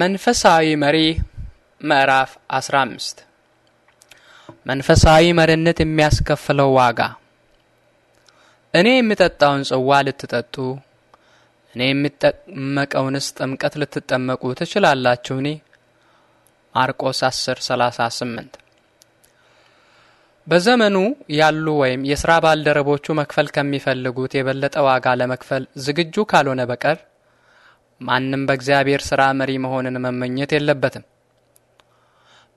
መንፈሳዊ መሪ ምዕራፍ 15 መንፈሳዊ መሪነት የሚያስከፍለው ዋጋ። እኔ የምጠጣውን ጽዋ ልትጠጡ፣ እኔ የምጠመቀውንስ ጥምቀት ልትጠመቁ ትችላላችሁኒ? ማርቆስ 38 በዘመኑ ያሉ ወይም የሥራ ባልደረቦቹ መክፈል ከሚፈልጉት የበለጠ ዋጋ ለመክፈል ዝግጁ ካልሆነ በቀር ማንም በእግዚአብሔር ሥራ መሪ መሆንን መመኘት የለበትም።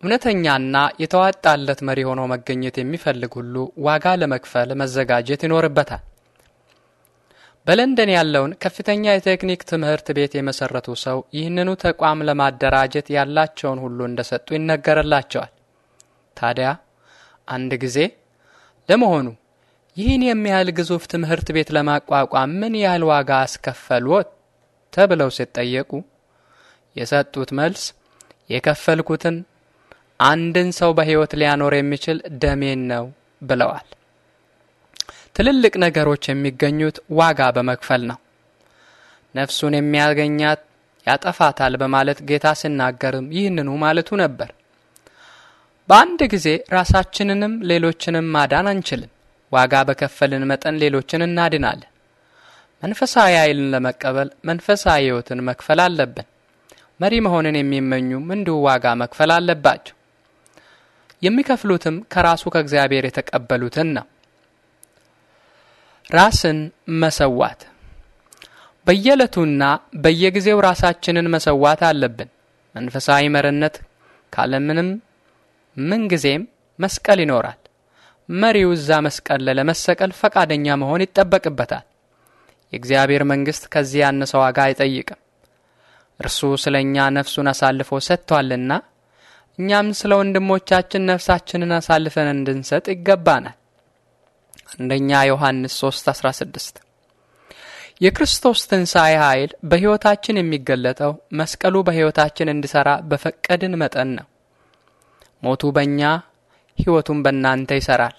እውነተኛና የተዋጣለት መሪ ሆኖ መገኘት የሚፈልግ ሁሉ ዋጋ ለመክፈል መዘጋጀት ይኖርበታል። በለንደን ያለውን ከፍተኛ የቴክኒክ ትምህርት ቤት የመሰረቱ ሰው ይህንኑ ተቋም ለማደራጀት ያላቸውን ሁሉ እንደሰጡ ይነገርላቸዋል። ታዲያ አንድ ጊዜ ለመሆኑ ይህን የሚያህል ግዙፍ ትምህርት ቤት ለማቋቋም ምን ያህል ዋጋ አስከፈሉት? ተብለው ሲጠየቁ የሰጡት መልስ የከፈልኩትን አንድን ሰው በሕይወት ሊያኖር የሚችል ደሜን ነው ብለዋል። ትልልቅ ነገሮች የሚገኙት ዋጋ በመክፈል ነው። ነፍሱን የሚያገኛት ያጠፋታል በማለት ጌታ ሲናገርም ይህንኑ ማለቱ ነበር። በአንድ ጊዜ ራሳችንንም ሌሎችንም ማዳን አንችልም። ዋጋ በከፈልን መጠን ሌሎችን እናድናለን። መንፈሳዊ ኃይልን ለመቀበል መንፈሳዊ ሕይወትን መክፈል አለብን። መሪ መሆንን የሚመኙም እንዲሁ ዋጋ መክፈል አለባቸው። የሚከፍሉትም ከራሱ ከእግዚአብሔር የተቀበሉትን ነው። ራስን መሰዋት በየዕለቱና በየጊዜው ራሳችንን መሰዋት አለብን። መንፈሳዊ መርነት ካለምንም ምንጊዜም መስቀል ይኖራል። መሪው እዛ መስቀል ለመሰቀል ፈቃደኛ መሆን ይጠበቅበታል። የእግዚአብሔር መንግሥት ከዚህ ያነሰ ዋጋ አይጠይቅም። እርሱ ስለ እኛ ነፍሱን አሳልፎ ሰጥቷልና እኛም ስለ ወንድሞቻችን ነፍሳችንን አሳልፈን እንድንሰጥ ይገባናል። አንደኛ ዮሐንስ 3 16 የክርስቶስ ትንሣኤ ኃይል በሕይወታችን የሚገለጠው መስቀሉ በሕይወታችን እንዲሠራ በፈቀድን መጠን ነው። ሞቱ በእኛ ሕይወቱም በእናንተ ይሠራል።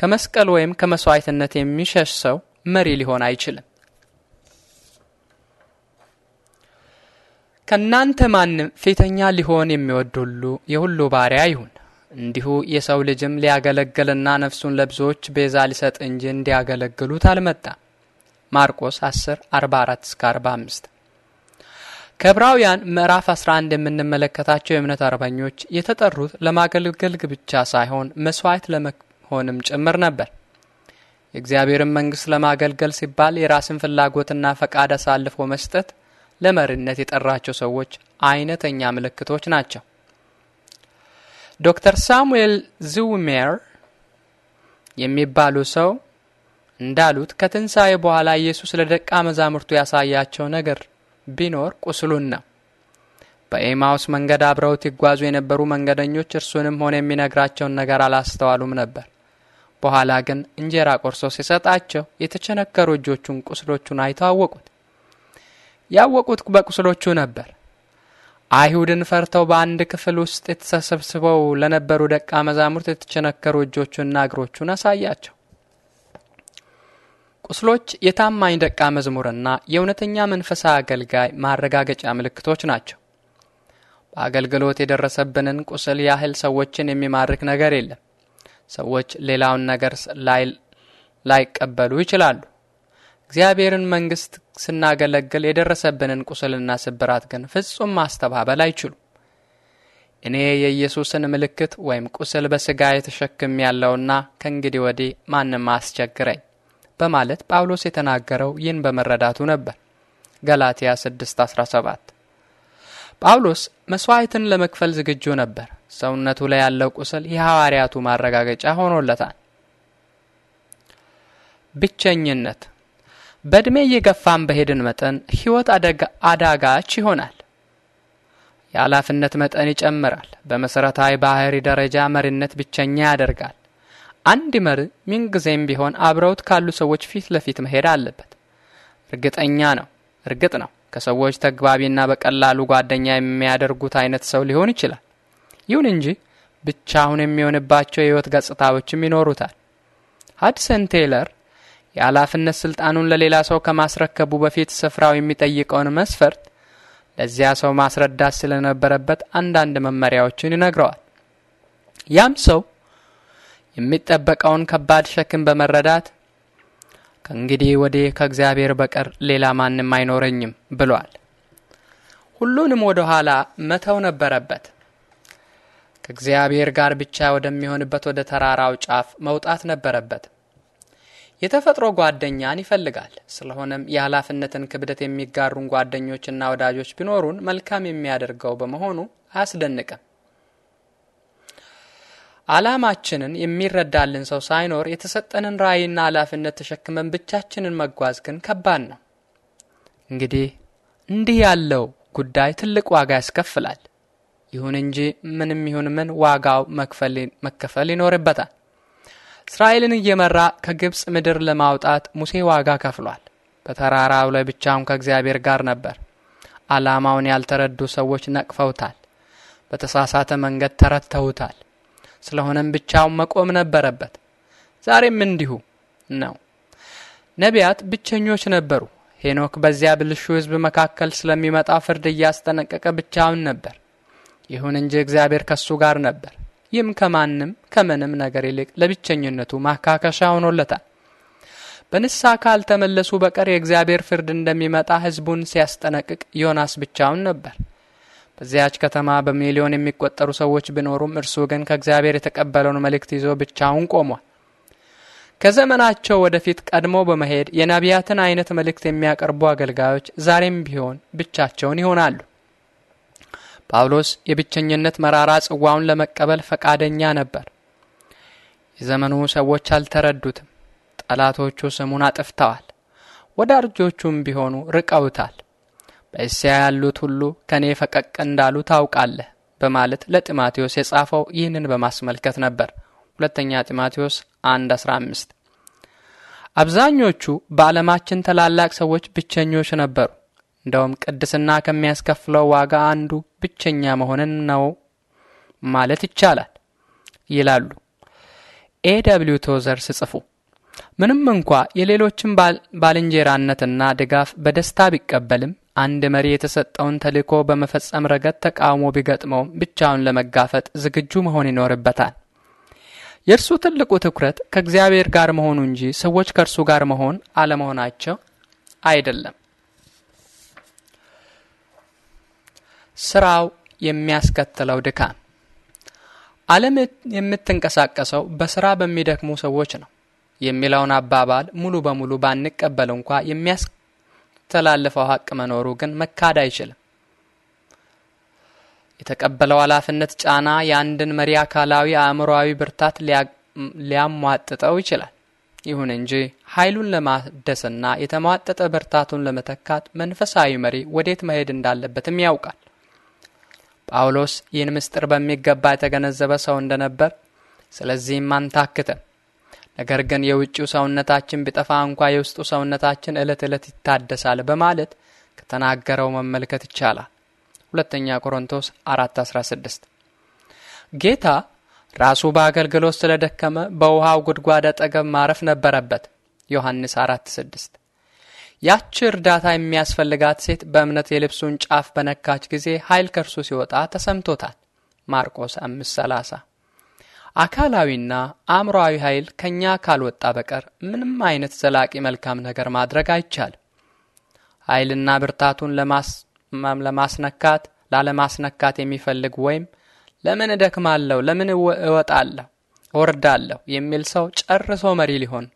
ከመስቀል ወይም ከመሥዋዕትነት የሚሸሽ ሰው መሪ ሊሆን አይችልም። ከእናንተ ማንም ፊተኛ ሊሆን የሚወድ ሁሉ የሁሉ ባሪያ ይሁን። እንዲሁ የሰው ልጅም ሊያገለግልና ነፍሱን ለብዙዎች ቤዛ ሊሰጥ እንጂ እንዲያገለግሉት አልመጣም። ማርቆስ 10 44 እስከ 45 ከዕብራውያን ምዕራፍ 11 የምንመለከታቸው የእምነት አርበኞች የተጠሩት ለማገልገል ብቻ ሳይሆን መስዋዕት ለመሆንም ጭምር ነበር። የእግዚአብሔርን መንግሥት ለማገልገል ሲባል የራስን ፍላጎትና ፈቃድ አሳልፎ መስጠት ለመሪነት የጠራቸው ሰዎች አይነተኛ ምልክቶች ናቸው። ዶክተር ሳሙኤል ዝውሜር የሚባሉ ሰው እንዳሉት ከትንሣኤ በኋላ ኢየሱስ ለደቀ መዛሙርቱ ያሳያቸው ነገር ቢኖር ቁስሉን ነው። በኤማውስ መንገድ አብረውት ይጓዙ የነበሩ መንገደኞች እርሱንም ሆነ የሚነግራቸውን ነገር አላስተዋሉም ነበር። በኋላ ግን እንጀራ ቆርሶ ሲሰጣቸው የተቸነከሩ እጆቹን ቁስሎቹን አይተው አወቁት። ያወቁት በቁስሎቹ ነበር። አይሁድን ፈርተው በአንድ ክፍል ውስጥ የተሰብስበው ለነበሩ ደቀ መዛሙርት የተቸነከሩ እጆቹንና እግሮቹን አሳያቸው። ቁስሎች የታማኝ ደቀ መዝሙርና የእውነተኛ መንፈሳዊ አገልጋይ ማረጋገጫ ምልክቶች ናቸው። በአገልግሎት የደረሰብንን ቁስል ያህል ሰዎችን የሚማርክ ነገር የለም። ሰዎች ሌላውን ነገር ላይቀበሉ ይችላሉ። እግዚአብሔርን መንግስት ስናገለግል የደረሰብንን ቁስልና ስብራት ግን ፍጹም ማስተባበል አይችሉም። እኔ የኢየሱስን ምልክት ወይም ቁስል በስጋ የተሸክም ያለውና ከእንግዲህ ወዲህ ማንም አስቸግረኝ በማለት ጳውሎስ የተናገረው ይህን በመረዳቱ ነበር። ገላትያ 6:17 ጳውሎስ መሥዋዕትን ለመክፈል ዝግጁ ነበር። ሰውነቱ ላይ ያለው ቁስል የሐዋርያቱ ማረጋገጫ ሆኖለታል። ብቸኝነት በእድሜ እየገፋን በሄድን መጠን ሕይወት አዳጋች ይሆናል። የኃላፊነት መጠን ይጨምራል። በመሠረታዊ ባህሪ ደረጃ መሪነት ብቸኛ ያደርጋል። አንድ መሪ ምንጊዜም ቢሆን አብረውት ካሉ ሰዎች ፊት ለፊት መሄድ አለበት። እርግጠኛ ነው እርግጥ ነው ከሰዎች ተግባቢና በቀላሉ ጓደኛ የሚያደርጉት አይነት ሰው ሊሆን ይችላል። ይሁን እንጂ ብቻውን የሚሆንባቸው የህይወት ገጽታዎችም ይኖሩታል። ሀድሰን ቴይለር የኃላፊነት ስልጣኑን ለሌላ ሰው ከማስረከቡ በፊት ስፍራው የሚጠይቀውን መስፈርት ለዚያ ሰው ማስረዳት ስለነበረበት አንዳንድ መመሪያዎችን ይነግረዋል። ያም ሰው የሚጠበቀውን ከባድ ሸክም በመረዳት ከእንግዲህ ወዲህ ከእግዚአብሔር በቀር ሌላ ማንም አይኖረኝም ብሏል። ሁሉንም ወደ ኋላ መተው ነበረበት። ከእግዚአብሔር ጋር ብቻ ወደሚሆንበት ወደ ተራራው ጫፍ መውጣት ነበረበት። የተፈጥሮ ጓደኛን ይፈልጋል። ስለሆነም የኃላፊነትን ክብደት የሚጋሩን ጓደኞችና ወዳጆች ቢኖሩን መልካም የሚያደርገው በመሆኑ አያስደንቅም። ዓላማችንን የሚረዳልን ሰው ሳይኖር የተሰጠንን ራዕይና ኃላፊነት ተሸክመን ብቻችንን መጓዝ ግን ከባድ ነው። እንግዲህ እንዲህ ያለው ጉዳይ ትልቅ ዋጋ ያስከፍላል። ይሁን እንጂ ምንም ይሁን ምን ዋጋው መከፈል ይኖርበታል። እስራኤልን እየመራ ከግብፅ ምድር ለማውጣት ሙሴ ዋጋ ከፍሏል። በተራራው ላይ ብቻውን ከእግዚአብሔር ጋር ነበር። ዓላማውን ያልተረዱ ሰዎች ነቅፈውታል። በተሳሳተ መንገድ ተረተውታል። ስለሆነም ብቻውን መቆም ነበረበት። ዛሬም እንዲሁ ነው። ነቢያት ብቸኞች ነበሩ። ሄኖክ በዚያ ብልሹ ሕዝብ መካከል ስለሚመጣ ፍርድ እያስጠነቀቀ ብቻውን ነበር። ይሁን እንጂ እግዚአብሔር ከሱ ጋር ነበር። ይህም ከማንም ከምንም ነገር ይልቅ ለብቸኝነቱ ማካከሻ ሆኖለታል። በንስሐ ካልተመለሱ በቀር የእግዚአብሔር ፍርድ እንደሚመጣ ሕዝቡን ሲያስጠነቅቅ ዮናስ ብቻውን ነበር። በዚያች ከተማ በሚሊዮን የሚቆጠሩ ሰዎች ቢኖሩም እርሱ ግን ከእግዚአብሔር የተቀበለውን መልእክት ይዞ ብቻውን ቆሟል። ከዘመናቸው ወደፊት ቀድሞ በመሄድ የነቢያትን አይነት መልእክት የሚያቀርቡ አገልጋዮች ዛሬም ቢሆን ብቻቸውን ይሆናሉ። ጳውሎስ የብቸኝነት መራራ ጽዋውን ለመቀበል ፈቃደኛ ነበር። የዘመኑ ሰዎች አልተረዱትም። ጠላቶቹ ስሙን አጥፍተዋል፣ ወዳጆቹም ቢሆኑ ርቀውታል። በእስያ ያሉት ሁሉ ከእኔ ፈቀቅ እንዳሉ ታውቃለህ በማለት ለጢማቴዎስ የጻፈው ይህንን በማስመልከት ነበር። ሁለተኛ ጢማቴዎስ 1 15 አብዛኞቹ በዓለማችን ታላላቅ ሰዎች ብቸኞች ነበሩ። እንደውም ቅድስና ከሚያስከፍለው ዋጋ አንዱ ብቸኛ መሆንን ነው ማለት ይቻላል ይላሉ ኤ ደብሊው ቶዘር ሲጽፉ። ምንም እንኳ የሌሎችን ባልንጀራነትና ድጋፍ በደስታ ቢቀበልም አንድ መሪ የተሰጠውን ተልዕኮ በመፈጸም ረገድ ተቃውሞ ቢገጥመውም ብቻውን ለመጋፈጥ ዝግጁ መሆን ይኖርበታል። የእርሱ ትልቁ ትኩረት ከእግዚአብሔር ጋር መሆኑ እንጂ ሰዎች ከእርሱ ጋር መሆን አለመሆናቸው አይደለም። ስራው የሚያስከትለው ድካም። ዓለም የምትንቀሳቀሰው በስራ በሚደክሙ ሰዎች ነው የሚለውን አባባል ሙሉ በሙሉ ባንቀበል እንኳ የሚያስተላልፈው ሀቅ መኖሩ ግን መካድ አይችልም። የተቀበለው ኃላፊነት ጫና የአንድን መሪ አካላዊ፣ አእምሮዊ ብርታት ሊያሟጥጠው ይችላል። ይሁን እንጂ ኃይሉን ለማደስና የተሟጠጠ ብርታቱን ለመተካት መንፈሳዊ መሪ ወዴት መሄድ እንዳለበትም ያውቃል። ጳውሎስ ይህን ምስጢር በሚገባ የተገነዘበ ሰው እንደነበር ስለዚህም አንታክትም። ነገር ግን የውጭው ሰውነታችን ቢጠፋ እንኳ የውስጡ ሰውነታችን ዕለት ዕለት ይታደሳል በማለት ከተናገረው መመልከት ይቻላል። ሁለተኛ ቆሮንቶስ 4:16 ጌታ ራሱ በአገልግሎት ስለደከመ በውሃው ጉድጓድ አጠገብ ማረፍ ነበረበት። ዮሐንስ 4:6 ያች እርዳታ የሚያስፈልጋት ሴት በእምነት የልብሱን ጫፍ በነካች ጊዜ ኃይል ከእርሱ ሲወጣ ተሰምቶታል። ማርቆስ 5፥30 አካላዊና አእምሮአዊ ኃይል ከእኛ ካልወጣ በቀር ምንም አይነት ዘላቂ መልካም ነገር ማድረግ አይቻልም። ኃይልና ብርታቱን ለማስነካት ላለማስነካት የሚፈልግ ወይም ለምን እደክማለሁ፣ ለምን እወጣለሁ፣ እወርዳለሁ የሚል ሰው ጨርሶ መሪ ሊሆን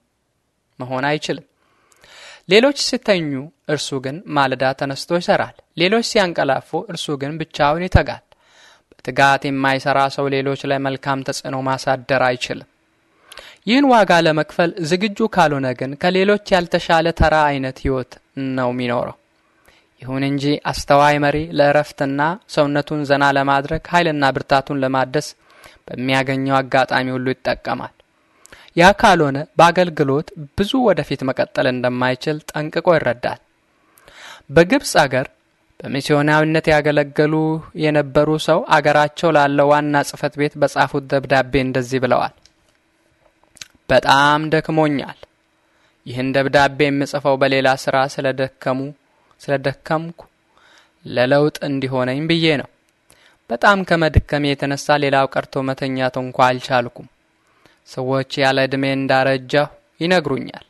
መሆን አይችልም። ሌሎች ሲተኙ እርሱ ግን ማለዳ ተነስቶ ይሰራል። ሌሎች ሲያንቀላፉ እርሱ ግን ብቻውን ይተጋል። በትጋት የማይሰራ ሰው ሌሎች ላይ መልካም ተጽዕኖ ማሳደር አይችልም። ይህን ዋጋ ለመክፈል ዝግጁ ካልሆነ ግን ከሌሎች ያልተሻለ ተራ አይነት ሕይወት ነው የሚኖረው። ይሁን እንጂ አስተዋይ መሪ ለእረፍትና ሰውነቱን ዘና ለማድረግ ኃይልና ብርታቱን ለማደስ በሚያገኘው አጋጣሚ ሁሉ ይጠቀማል። ያ ካልሆነ በአገልግሎት ብዙ ወደፊት መቀጠል እንደማይችል ጠንቅቆ ይረዳል። በግብፅ አገር በሚስዮናዊነት ያገለገሉ የነበሩ ሰው አገራቸው ላለው ዋና ጽህፈት ቤት በጻፉት ደብዳቤ እንደዚህ ብለዋል። በጣም ደክሞኛል። ይህን ደብዳቤ የምጽፈው በሌላ ስራ ስለደከሙ ስለደከምኩ ለለውጥ እንዲሆነኝ ብዬ ነው። በጣም ከመድከሜ የተነሳ ሌላው ቀርቶ መተኛት እንኳ አልቻልኩም። ሰዎች ያለ ዕድሜ እንዳረጃሁ ይነግሩኛል።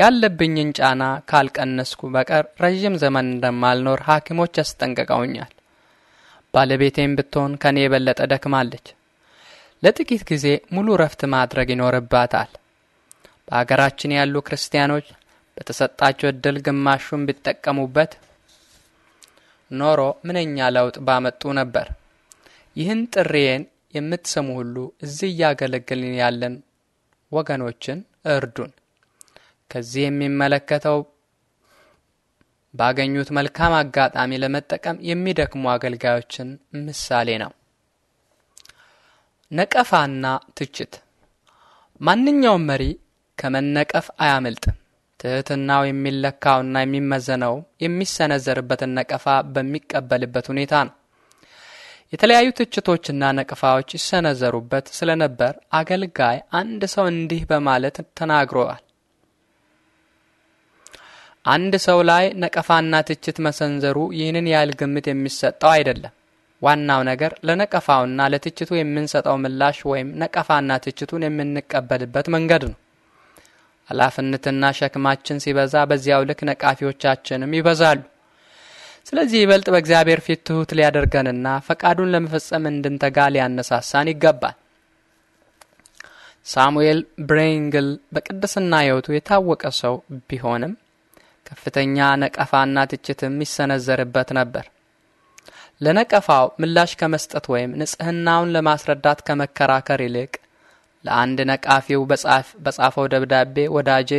ያለብኝን ጫና ካልቀነስኩ በቀር ረዥም ዘመን እንደማልኖር ሐኪሞች ያስጠንቅቀውኛል። ባለቤቴም ብትሆን ከእኔ የበለጠ ደክማለች። ለጥቂት ጊዜ ሙሉ ረፍት ማድረግ ይኖርባታል። በአገራችን ያሉ ክርስቲያኖች በተሰጣቸው እድል ግማሹን ቢጠቀሙበት ኖሮ ምንኛ ለውጥ ባመጡ ነበር። ይህን ጥሪዬን የምትሰሙ ሁሉ እዚህ እያገለገልን ያለን ወገኖችን እርዱን። ከዚህ የሚመለከተው ባገኙት መልካም አጋጣሚ ለመጠቀም የሚደክሙ አገልጋዮችን ምሳሌ ነው። ነቀፋና ትችት። ማንኛውም መሪ ከመነቀፍ አያመልጥም። ትህትናው የሚለካውና የሚመዘነው የሚሰነዘርበትን ነቀፋ በሚቀበልበት ሁኔታ ነው። የተለያዩ ትችቶችና ነቅፋዎች ይሰነዘሩበት ስለነበር አገልጋይ አንድ ሰው እንዲህ በማለት ተናግሯል። አንድ ሰው ላይ ነቀፋና ትችት መሰንዘሩ ይህንን ያህል ግምት የሚሰጠው አይደለም። ዋናው ነገር ለነቀፋውና ለትችቱ የምንሰጠው ምላሽ ወይም ነቀፋና ትችቱን የምንቀበልበት መንገድ ነው። ኃላፊነትና ሸክማችን ሲበዛ በዚያው ልክ ነቃፊዎቻችንም ይበዛሉ። ስለዚህ ይበልጥ በእግዚአብሔር ፊት ትሑት ሊያደርገንና ፈቃዱን ለመፈጸም እንድንተጋ ሊያነሳሳን ይገባል። ሳሙኤል ብሬንግል በቅድስና ሕይወቱ የታወቀ ሰው ቢሆንም ከፍተኛ ነቀፋና ትችትም ይሰነዘርበት ነበር። ለነቀፋው ምላሽ ከመስጠት ወይም ንጽህናውን ለማስረዳት ከመከራከር ይልቅ ለአንድ ነቃፊው በጻፈው ደብዳቤ ወዳጄ፣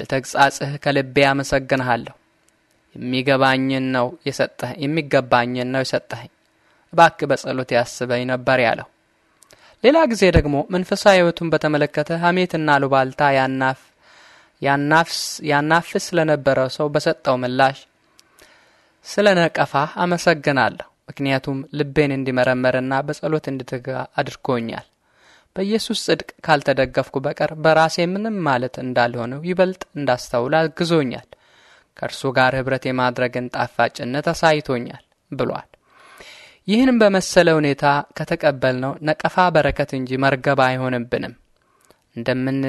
ለተግጻጽህ ከልቤ አመሰግንሃለሁ የሚገባኝን ነው የሰጠህ የሚገባኝን ነው የሰጠኸኝ እባክህ በጸሎት ያስበኝ ነበር ያለው። ሌላ ጊዜ ደግሞ መንፈሳዊ ሕይወቱን በተመለከተ ሐሜትና ሉባልታ ያናፍስ ስለነበረው ሰው በሰጠው ምላሽ ስለ ነቀፋ አመሰግናለሁ፣ ምክንያቱም ልቤን እንዲመረመርና በጸሎት እንድትጋ አድርጎኛል። በኢየሱስ ጽድቅ ካልተደገፍኩ በቀር በራሴ ምንም ማለት እንዳልሆነው ይበልጥ እንዳስተውል አግዞኛል። ከእርሱ ጋር ኅብረት የማድረግን ጣፋጭነት አሳይቶኛል ብሏል። ይህንም በመሰለ ሁኔታ ከተቀበልነው ነቀፋ በረከት እንጂ መርገብ አይሆንብንም። እንደምን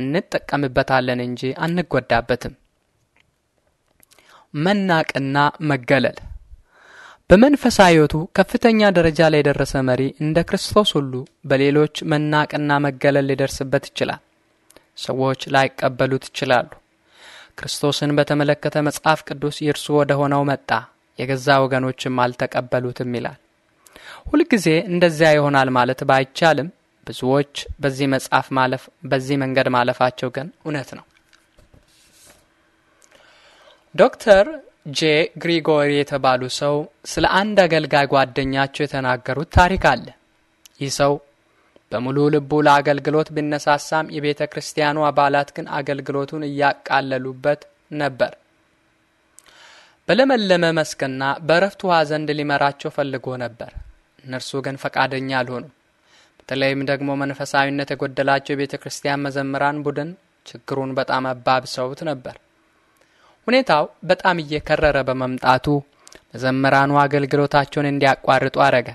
እንጠቀምበታለን እንጂ አንጎዳበትም። መናቅና መገለል በመንፈሳዊ ሕይወቱ ከፍተኛ ደረጃ ላይ የደረሰ መሪ እንደ ክርስቶስ ሁሉ በሌሎች መናቅና መገለል ሊደርስበት ይችላል። ሰዎች ላይቀበሉት ይችላሉ። ክርስቶስን በተመለከተ መጽሐፍ ቅዱስ የእርሱ ወደ ሆነው መጣ፣ የገዛ ወገኖችም አልተቀበሉትም ይላል። ሁልጊዜ እንደዚያ ይሆናል ማለት ባይቻልም ብዙዎች በዚህ መጽሐፍ ማለፍ በዚህ መንገድ ማለፋቸው ግን እውነት ነው። ዶክተር ጄ ግሪጎሪ የተባሉ ሰው ስለ አንድ አገልጋይ ጓደኛቸው የተናገሩት ታሪክ አለ። ይህ ሰው በሙሉ ልቡ ለአገልግሎት ቢነሳሳም የቤተ ክርስቲያኑ አባላት ግን አገልግሎቱን እያቃለሉበት ነበር። በለመለመ መስክና በእረፍት ውሃ ዘንድ ሊመራቸው ፈልጎ ነበር። እነርሱ ግን ፈቃደኛ አልሆኑም። በተለይም ደግሞ መንፈሳዊነት የጎደላቸው የቤተ ክርስቲያን መዘምራን ቡድን ችግሩን በጣም አባብሰውት ነበር። ሁኔታው በጣም እየከረረ በመምጣቱ መዘምራኑ አገልግሎታቸውን እንዲያቋርጡ አረገ።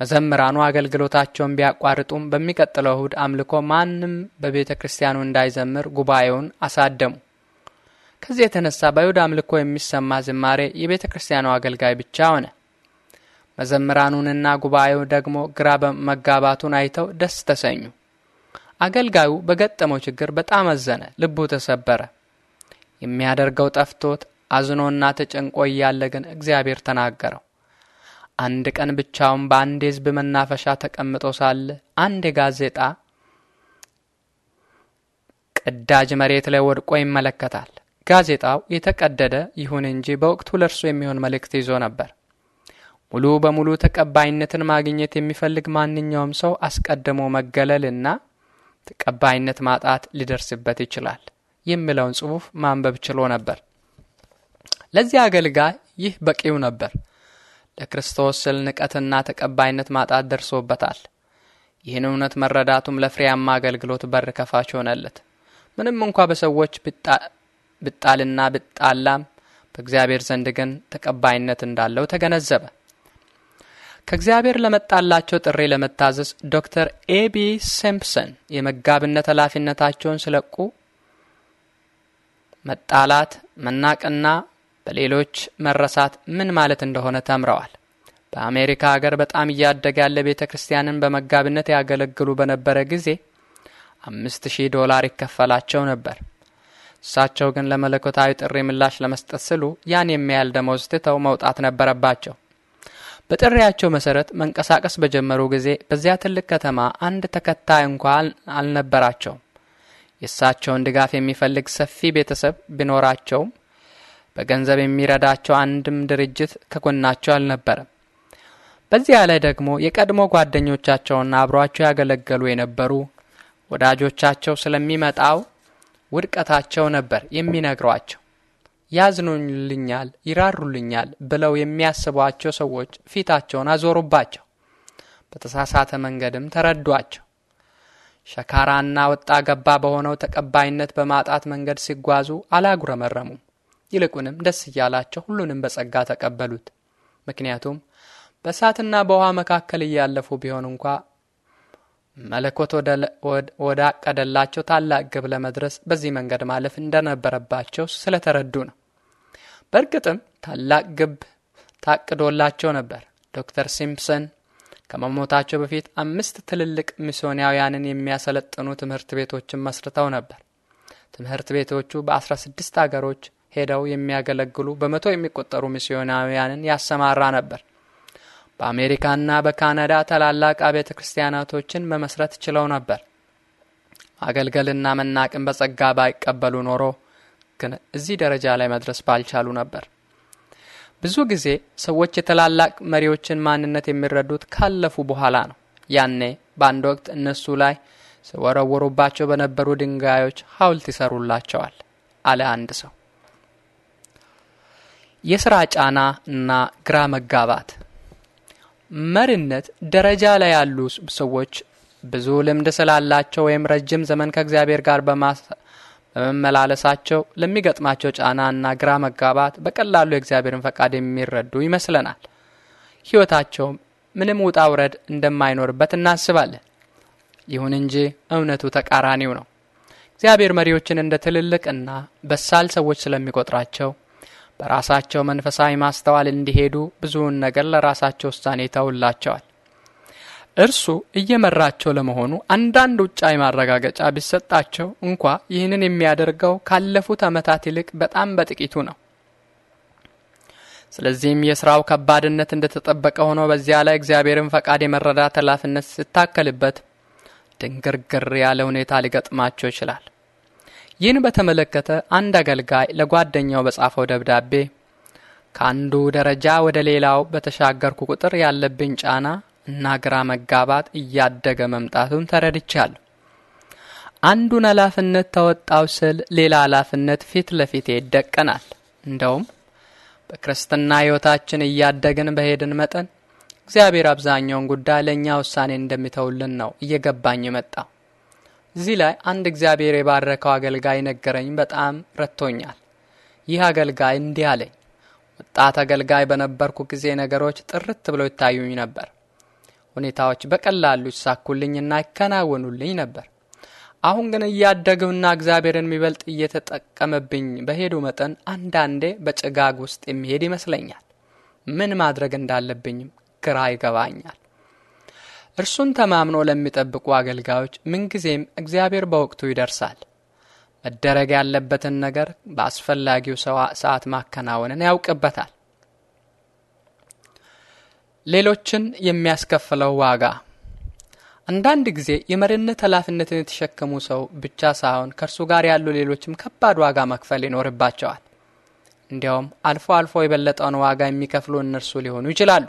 መዘምራኑ አገልግሎታቸውን ቢያቋርጡም በሚቀጥለው እሁድ አምልኮ ማንም በቤተ ክርስቲያኑ እንዳይዘምር ጉባኤውን አሳደሙ። ከዚህ የተነሳ በይሁድ አምልኮ የሚሰማ ዝማሬ የቤተ ክርስቲያኑ አገልጋይ ብቻ ሆነ። መዘምራኑንና ጉባኤው ደግሞ ግራ መጋባቱን አይተው ደስ ተሰኙ። አገልጋዩ በገጠመው ችግር በጣም አዘነ፣ ልቡ ተሰበረ። የሚያደርገው ጠፍቶት አዝኖና ተጨንቆ እያለ ግን እግዚአብሔር ተናገረው። አንድ ቀን ብቻውን በአንድ የሕዝብ መናፈሻ ተቀምጦ ሳለ አንድ የጋዜጣ ቅዳጅ መሬት ላይ ወድቆ ይመለከታል። ጋዜጣው የተቀደደ ይሁን እንጂ በወቅቱ ለእርሱ የሚሆን መልእክት ይዞ ነበር። ሙሉ በሙሉ ተቀባይነትን ማግኘት የሚፈልግ ማንኛውም ሰው አስቀድሞ መገለልና ተቀባይነት ማጣት ሊደርስበት ይችላል የሚለውን ጽሑፍ ማንበብ ችሎ ነበር። ለዚህ አገልጋይ ይህ በቂው ነበር። ለክርስቶስ ስል ንቀትና ተቀባይነት ማጣት ደርሶበታል። ይህን እውነት መረዳቱም ለፍሬያማ አገልግሎት በር ከፋች ሆነለት። ምንም እንኳ በሰዎች ብጣልና ብጣላም በእግዚአብሔር ዘንድ ግን ተቀባይነት እንዳለው ተገነዘበ። ከእግዚአብሔር ለመጣላቸው ጥሪ ለመታዘዝ ዶክተር ኤቢ ሲምፕሰን የመጋብነት ኃላፊነታቸውን ስለቁ መጣላት መናቅና በሌሎች መረሳት ምን ማለት እንደሆነ ተምረዋል። በአሜሪካ ሀገር በጣም እያደገ ያለ ቤተ ክርስቲያንን በመጋቢነት ያገለግሉ በነበረ ጊዜ አምስት ሺህ ዶላር ይከፈላቸው ነበር። እሳቸው ግን ለመለኮታዊ ጥሪ ምላሽ ለመስጠት ስሉ ያን የሚያህል ደመወዝ ትተው መውጣት ነበረባቸው። በጥሪያቸው መሰረት መንቀሳቀስ በጀመሩ ጊዜ በዚያ ትልቅ ከተማ አንድ ተከታይ እንኳ አልነበራቸውም። የእሳቸውን ድጋፍ የሚፈልግ ሰፊ ቤተሰብ ቢኖራቸውም በገንዘብ የሚረዳቸው አንድም ድርጅት ከጎናቸው አልነበረም። በዚያ ላይ ደግሞ የቀድሞ ጓደኞቻቸውና አብሯቸው ያገለገሉ የነበሩ ወዳጆቻቸው ስለሚመጣው ውድቀታቸው ነበር የሚነግሯቸው። ያዝኑልኛል፣ ይራሩልኛል ብለው የሚያስቧቸው ሰዎች ፊታቸውን አዞሩባቸው፣ በተሳሳተ መንገድም ተረዷቸው። ሸካራና ወጣ ገባ በሆነው ተቀባይነት በማጣት መንገድ ሲጓዙ አላጉረመረሙም። ይልቁንም ደስ እያላቸው ሁሉንም በጸጋ ተቀበሉት። ምክንያቱም በእሳትና በውሃ መካከል እያለፉ ቢሆን እንኳ መለኮት ወዳቀደላቸው ታላቅ ግብ ለመድረስ በዚህ መንገድ ማለፍ እንደነበረባቸው ስለተረዱ ነው። በእርግጥም ታላቅ ግብ ታቅዶላቸው ነበር። ዶክተር ሲምፕሰን ከመሞታቸው በፊት አምስት ትልልቅ ሚስዮናውያንን የሚያሰለጥኑ ትምህርት ቤቶችን መስርተው ነበር። ትምህርት ቤቶቹ በ16 አገሮች ሄደው የሚያገለግሉ በመቶ የሚቆጠሩ ሚስዮናውያንን ያሰማራ ነበር። በአሜሪካና በካናዳ ታላላቅ አብያተ ክርስቲያናቶችን መመስረት ችለው ነበር። አገልገልና መናቅን በጸጋ ባይቀበሉ ኖሮ ግን እዚህ ደረጃ ላይ መድረስ ባልቻሉ ነበር። ብዙ ጊዜ ሰዎች የታላላቅ መሪዎችን ማንነት የሚረዱት ካለፉ በኋላ ነው። ያኔ በአንድ ወቅት እነሱ ላይ ሲወረወሩባቸው በነበሩ ድንጋዮች ሐውልት ይሰሩላቸዋል አለ አንድ ሰው። የሥራ ጫና እና ግራ መጋባት መሪነት ደረጃ ላይ ያሉ ሰዎች ብዙ ልምድ ስላላቸው ወይም ረጅም ዘመን ከእግዚአብሔር ጋር በመመላለሳቸው ለሚገጥማቸው ጫና እና ግራ መጋባት በቀላሉ የእግዚአብሔርን ፈቃድ የሚረዱ ይመስለናል። ሕይወታቸው ምንም ውጣ ውረድ እንደማይኖርበት እናስባለን። ይሁን እንጂ እውነቱ ተቃራኒው ነው። እግዚአብሔር መሪዎችን እንደ ትልልቅና በሳል ሰዎች ስለሚቆጥራቸው በራሳቸው መንፈሳዊ ማስተዋል እንዲሄዱ ብዙውን ነገር ለራሳቸው ውሳኔ ተውላቸዋል። እርሱ እየመራቸው ለመሆኑ አንዳንድ ውጫዊ ማረጋገጫ ቢሰጣቸው እንኳ ይህንን የሚያደርገው ካለፉት ዓመታት ይልቅ በጣም በጥቂቱ ነው። ስለዚህም የስራው ከባድነት እንደተጠበቀ ሆኖ በዚያ ላይ እግዚአብሔርን ፈቃድ የመረዳት ኃላፊነት ስታከልበት ድንግርግር ያለ ሁኔታ ሊገጥማቸው ይችላል። ይህን በተመለከተ አንድ አገልጋይ ለጓደኛው በጻፈው ደብዳቤ ከአንዱ ደረጃ ወደ ሌላው በተሻገርኩ ቁጥር ያለብኝ ጫና እና ግራ መጋባት እያደገ መምጣቱን ተረድቻለሁ። አንዱን ኃላፊነት ተወጣው ስል ሌላ ኃላፊነት ፊት ለፊቴ ይደቀናል። እንደውም በክርስትና ሕይወታችን እያደግን በሄድን መጠን እግዚአብሔር አብዛኛውን ጉዳይ ለእኛ ውሳኔ እንደሚተውልን ነው እየገባኝ መጣ። እዚህ ላይ አንድ እግዚአብሔር የባረከው አገልጋይ ነገረኝ፣ በጣም ረድቶኛል። ይህ አገልጋይ እንዲህ አለኝ። ወጣት አገልጋይ በነበርኩ ጊዜ ነገሮች ጥርት ብለው ይታዩኝ ነበር። ሁኔታዎች በቀላሉ ይሳኩልኝና ይከናወኑልኝ ነበር። አሁን ግን እያደግሁና እግዚአብሔርን የሚበልጥ እየተጠቀመብኝ በሄዱ መጠን አንዳንዴ በጭጋግ ውስጥ የሚሄድ ይመስለኛል። ምን ማድረግ እንዳለብኝም ግራ ይገባኛል። እርሱን ተማምኖ ለሚጠብቁ አገልጋዮች ምንጊዜም እግዚአብሔር በወቅቱ ይደርሳል። መደረግ ያለበትን ነገር በአስፈላጊው ሰዓት ማከናወንን ያውቅበታል። ሌሎችን የሚያስከፍለው ዋጋ አንዳንድ ጊዜ የመሪነት ኃላፊነትን የተሸከሙ ሰው ብቻ ሳይሆን ከእርሱ ጋር ያሉ ሌሎችም ከባድ ዋጋ መክፈል ይኖርባቸዋል። እንዲያውም አልፎ አልፎ የበለጠውን ዋጋ የሚከፍሉ እነርሱ ሊሆኑ ይችላሉ።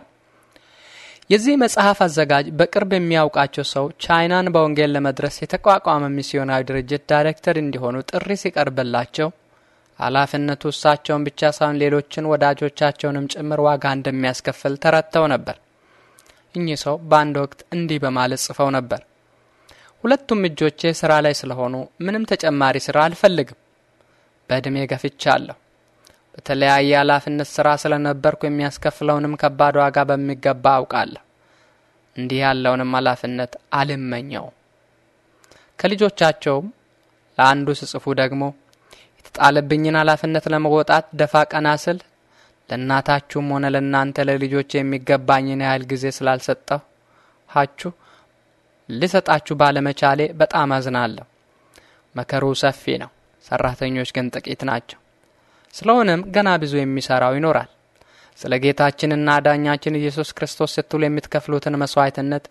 የዚህ መጽሐፍ አዘጋጅ በቅርብ የሚያውቃቸው ሰው ቻይናን በወንጌል ለመድረስ የተቋቋመ ሚስዮናዊ ድርጅት ዳይሬክተር እንዲሆኑ ጥሪ ሲቀርብላቸው ኃላፊነቱ እሳቸውን ብቻ ሳይሆን ሌሎችን ወዳጆቻቸውንም ጭምር ዋጋ እንደሚያስከፍል ተረድተው ነበር። እኚህ ሰው በአንድ ወቅት እንዲህ በማለት ጽፈው ነበር። ሁለቱም እጆቼ ስራ ላይ ስለሆኑ ምንም ተጨማሪ ስራ አልፈልግም። በዕድሜ ገፍቻ አለሁ። በተለያየ ኃላፊነት ሥራ ስለነበርኩ የሚያስከፍለውንም ከባድ ዋጋ በሚገባ አውቃለሁ። እንዲህ ያለውንም ኃላፊነት አልመኘው። ከልጆቻቸውም ለአንዱ ስጽፉ ደግሞ የተጣለብኝን ኃላፊነት ለመወጣት ደፋ ቀና ስል ለእናታችሁም ሆነ ለእናንተ ለልጆች የሚገባኝን ያህል ጊዜ ስላልሰጠሁ ሀችሁ ልሰጣችሁ ባለመቻሌ በጣም አዝናለሁ። መከሩ ሰፊ ነው፣ ሰራተኞች ግን ጥቂት ናቸው። ስለሆነም ገና ብዙ የሚሰራው ይኖራል። ስለ ጌታችንና ዳኛችን ኢየሱስ ክርስቶስ ስትሉ የምትከፍሉትን መስዋዕትነት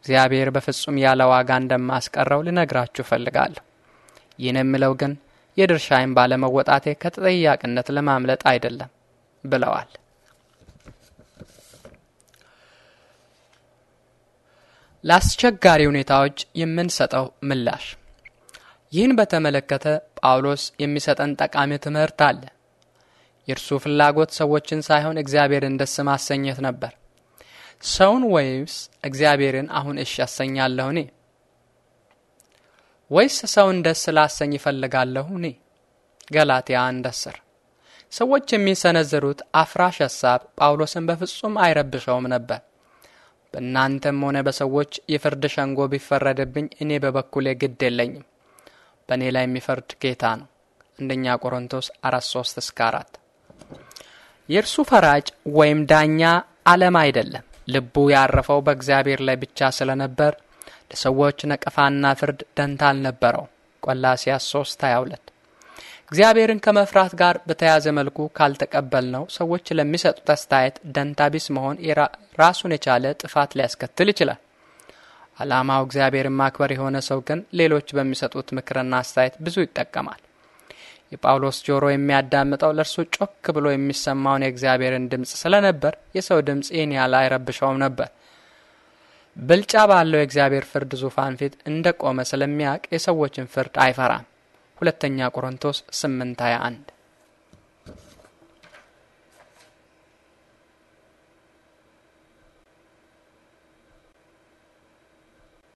እግዚአብሔር በፍጹም ያለ ዋጋ እንደማስቀረው ልነግራችሁ እፈልጋለሁ። ይህን የምለው ግን የድርሻዬን ባለመወጣቴ ከተጠያቂነት ለማምለጥ አይደለም ብለዋል። ለአስቸጋሪ ሁኔታዎች የምንሰጠው ምላሽ። ይህን በተመለከተ ጳውሎስ የሚሰጠን ጠቃሚ ትምህርት አለ። የእርሱ ፍላጎት ሰዎችን ሳይሆን እግዚአብሔርን ደስ ማሰኘት ነበር። ሰውን ወይስ እግዚአብሔርን አሁን እሺ ያሰኛለሁ እኔ ወይስ ሰውን ደስ ላሰኝ ይፈልጋለሁ እኔ? ገላትያ አንድ አስር ሰዎች የሚሰነዘሩት አፍራሽ ሐሳብ ጳውሎስን በፍጹም አይረብሸውም ነበር። በእናንተም ሆነ በሰዎች የፍርድ ሸንጎ ቢፈረድብኝ እኔ በበኩሌ ግድ የለኝም፣ በእኔ ላይ የሚፈርድ ጌታ ነው። አንደኛ ቆሮንቶስ አራት ሶስት እስከ አራት የእርሱ ፈራጭ ወይም ዳኛ ዓለም አይደለም። ልቡ ያረፈው በእግዚአብሔር ላይ ብቻ ስለነበር ለሰዎች ነቀፋና ፍርድ ደንታ አልነበረው። 3 3:22 እግዚአብሔርን ከመፍራት ጋር በተያያዘ መልኩ ካልተቀበልነው ሰዎች ለሚሰጡት አስተያየት ደንታ ቢስ መሆን ራሱን የቻለ ጥፋት ሊያስከትል ይችላል። ዓላማው እግዚአብሔርን ማክበር የሆነ ሰው ግን ሌሎች በሚሰጡት ምክርና አስተያየት ብዙ ይጠቀማል። የጳውሎስ ጆሮ የሚያዳምጠው ለእርሱ ጮክ ብሎ የሚሰማውን የእግዚአብሔርን ድምፅ ስለነበር የሰው ድምፅ ይህን ያለ አይረብሸውም ነበር። ብልጫ ባለው የእግዚአብሔር ፍርድ ዙፋን ፊት እንደ ቆመ ስለሚያውቅ የሰዎችን ፍርድ አይፈራም። ሁለተኛ ቆሮንቶስ 8 21